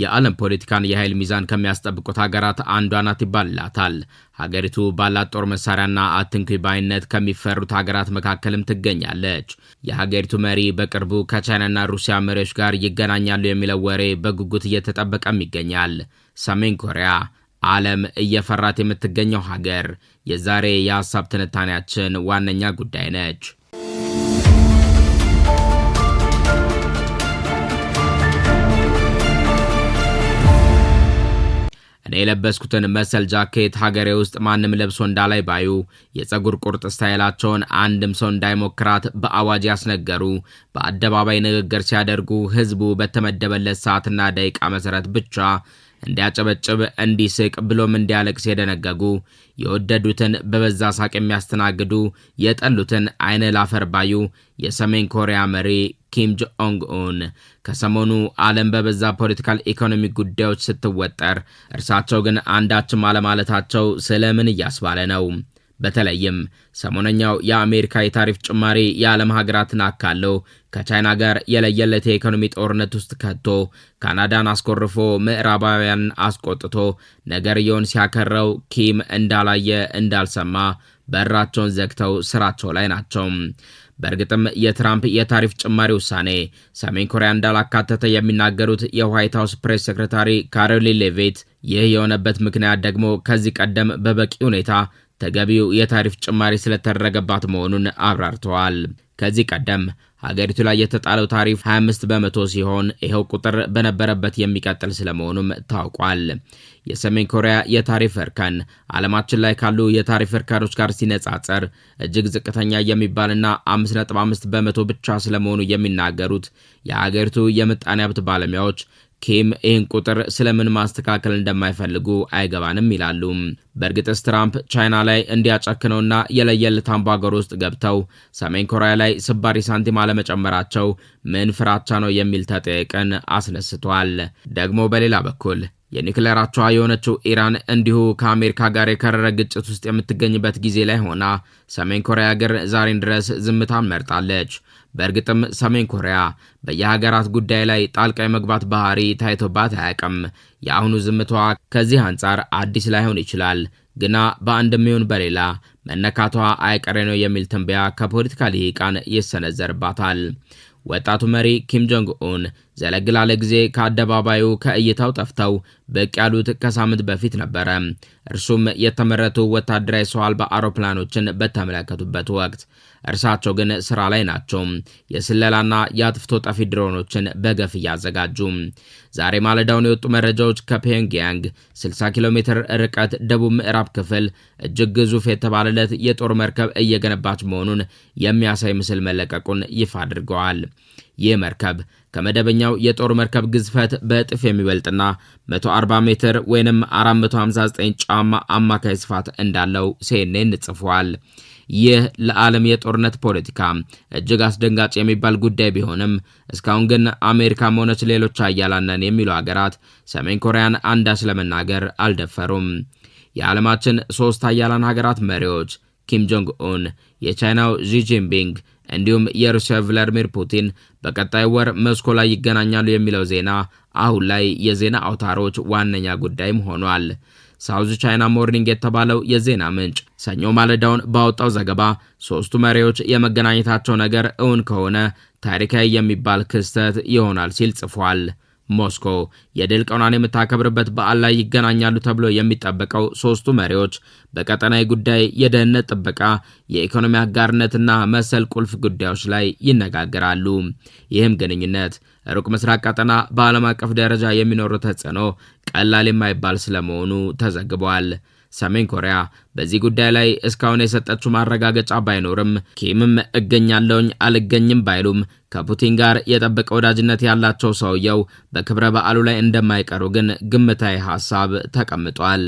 የዓለም ፖለቲካን የኃይል ሚዛን ከሚያስጠብቁት ሀገራት አንዷ ናት ይባልላታል። ሀገሪቱ ባላት ጦር መሳሪያና አትንኩ ባይነት ከሚፈሩት ሀገራት መካከልም ትገኛለች። የሀገሪቱ መሪ በቅርቡ ከቻይናና ሩሲያ መሪዎች ጋር ይገናኛሉ የሚለው ወሬ በጉጉት እየተጠበቀም ይገኛል። ሰሜን ኮሪያ ዓለም እየፈራት የምትገኘው ሀገር የዛሬ የሀሳብ ትንታኔያችን ዋነኛ ጉዳይ ነች። እኔ የለበስኩትን መሰል ጃኬት ሀገሬ ውስጥ ማንም ለብሶ እንዳላይ ባዩ የፀጉር ቁርጥ ስታይላቸውን አንድም ሰው እንዳይሞክራት በአዋጅ ያስነገሩ በአደባባይ ንግግር ሲያደርጉ ህዝቡ በተመደበለት ሰዓትና ደቂቃ መሰረት ብቻ እንዲያጨበጭብ እንዲስቅ ብሎም እንዲያለቅስ የደነገጉ የወደዱትን በበዛ ሳቅ የሚያስተናግዱ የጠሉትን አይነ ላፈር ባዩ የሰሜን ኮሪያ መሪ ኪም ጆንግ ኡን ከሰሞኑ ዓለም በበዛ ፖለቲካል ኢኮኖሚ ጉዳዮች ስትወጠር እርሳቸው ግን አንዳችም አለማለታቸው ስለምን እያስባለ ነው? በተለይም ሰሞነኛው የአሜሪካ የታሪፍ ጭማሪ የዓለም ሀገራትን አካለው ከቻይና ጋር የለየለት የኢኮኖሚ ጦርነት ውስጥ ከቶ ካናዳን አስኮርፎ ምዕራባውያን አስቆጥቶ ነገርየውን ሲያከረው ኪም እንዳላየ እንዳልሰማ በራቸውን ዘግተው ስራቸው ላይ ናቸው። በእርግጥም የትራምፕ የታሪፍ ጭማሪ ውሳኔ ሰሜን ኮሪያ እንዳላካተተ የሚናገሩት የዋይት ሀውስ ፕሬስ ሴክሬታሪ ካሮሊ ሌቪት ይህ የሆነበት ምክንያት ደግሞ ከዚህ ቀደም በበቂ ሁኔታ ተገቢው የታሪፍ ጭማሪ ስለተደረገባት መሆኑን አብራርተዋል። ከዚህ ቀደም ሀገሪቱ ላይ የተጣለው ታሪፍ 25 በመቶ ሲሆን ይኸው ቁጥር በነበረበት የሚቀጥል ስለመሆኑም ታውቋል። የሰሜን ኮሪያ የታሪፍ እርከን ዓለማችን ላይ ካሉ የታሪፍ እርከኖች ጋር ሲነጻጸር እጅግ ዝቅተኛ የሚባልና 5.5 በመቶ ብቻ ስለመሆኑ የሚናገሩት የሀገሪቱ የምጣኔ ሀብት ባለሙያዎች ኪም ይህን ቁጥር ስለምን ማስተካከል እንደማይፈልጉ አይገባንም ይላሉ። በእርግጥስ ትራምፕ ቻይና ላይ እንዲያጨክነውና የለየለት አምባገር ውስጥ ገብተው ሰሜን ኮሪያ ላይ ስባሪ ሳንቲም አለመጨመራቸው ምን ፍራቻ ነው የሚል ተጠየቅን አስነስቷል። ደግሞ በሌላ በኩል የኒክሌር አቻዋ የሆነችው ኢራን እንዲሁ ከአሜሪካ ጋር የከረረ ግጭት ውስጥ የምትገኝበት ጊዜ ላይ ሆና ሰሜን ኮሪያ ግን ዛሬን ድረስ ዝምታን መርጣለች። በእርግጥም ሰሜን ኮሪያ በየሀገራት ጉዳይ ላይ ጣልቃ የመግባት ባህሪ ታይቶባት አያውቅም። የአሁኑ ዝምቷ ከዚህ አንጻር አዲስ ላይሆን ይችላል። ግና በአንድም ይሁን በሌላ መነካቷ አይቀሬ ነው የሚል ትንበያ ከፖለቲካ ልሂቃን ይሰነዘርባታል። ወጣቱ መሪ ኪም ጆንግ ኡን ዘለግ ላለ ጊዜ ከአደባባዩ ከእይታው ጠፍተው ብቅ ያሉት ከሳምንት በፊት ነበረ። እርሱም የተመረቱ ወታደራዊ ሰው አልባ አውሮፕላኖችን በተመለከቱበት ወቅት እርሳቸው ግን ስራ ላይ ናቸው። የስለላና የአጥፍቶ ጠፊ ድሮኖችን በገፍ እያዘጋጁ። ዛሬ ማለዳውን የወጡ መረጃዎች ከፒዮንግያንግ 60 ኪሎ ሜትር ርቀት ደቡብ ምዕራብ ክፍል እጅግ ግዙፍ የተባለለት የጦር መርከብ እየገነባች መሆኑን የሚያሳይ ምስል መለቀቁን ይፋ አድርገዋል። ይህ መርከብ ከመደበኛው የጦር መርከብ ግዝፈት በእጥፍ የሚበልጥና 140 ሜትር ወይንም 459 ጫማ አማካይ ስፋት እንዳለው ሲኤንኤን ጽፏል። ይህ ለዓለም የጦርነት ፖለቲካ እጅግ አስደንጋጭ የሚባል ጉዳይ ቢሆንም እስካሁን ግን አሜሪካም ሆነች ሌሎች አያላነን የሚሉ ሀገራት ሰሜን ኮሪያን አንዳች ለመናገር አልደፈሩም። የዓለማችን ሦስት አያላን ሀገራት መሪዎች ኪም ጆንግ ኡን፣ የቻይናው ዢ ጂንፒንግ እንዲሁም የሩሲያ ቭላዲሚር ፑቲን በቀጣይ ወር ሞስኮ ላይ ይገናኛሉ የሚለው ዜና አሁን ላይ የዜና አውታሮች ዋነኛ ጉዳይም ሆኗል። ሳውዝ ቻይና ሞርኒንግ የተባለው የዜና ምንጭ ሰኞ ማለዳውን ባወጣው ዘገባ ሦስቱ መሪዎች የመገናኘታቸው ነገር እውን ከሆነ ታሪካዊ የሚባል ክስተት ይሆናል ሲል ጽፏል። ሞስኮ የድል ቀኗን የምታከብርበት በዓል ላይ ይገናኛሉ ተብሎ የሚጠበቀው ሦስቱ መሪዎች በቀጠናዊ ጉዳይ፣ የደህንነት ጥበቃ፣ የኢኮኖሚ አጋርነትና መሰል ቁልፍ ጉዳዮች ላይ ይነጋገራሉ። ይህም ግንኙነት ሩቅ ምስራቅ ቀጠና በዓለም አቀፍ ደረጃ የሚኖረው ተጽዕኖ ቀላል የማይባል ስለመሆኑ ተዘግቧል። ሰሜን ኮሪያ በዚህ ጉዳይ ላይ እስካሁን የሰጠችው ማረጋገጫ ባይኖርም ኪምም እገኛለውኝ አልገኝም ባይሉም ከፑቲን ጋር የጠበቀ ወዳጅነት ያላቸው ሰውየው በክብረ በዓሉ ላይ እንደማይቀሩ ግን ግምታዊ ሀሳብ ተቀምጧል።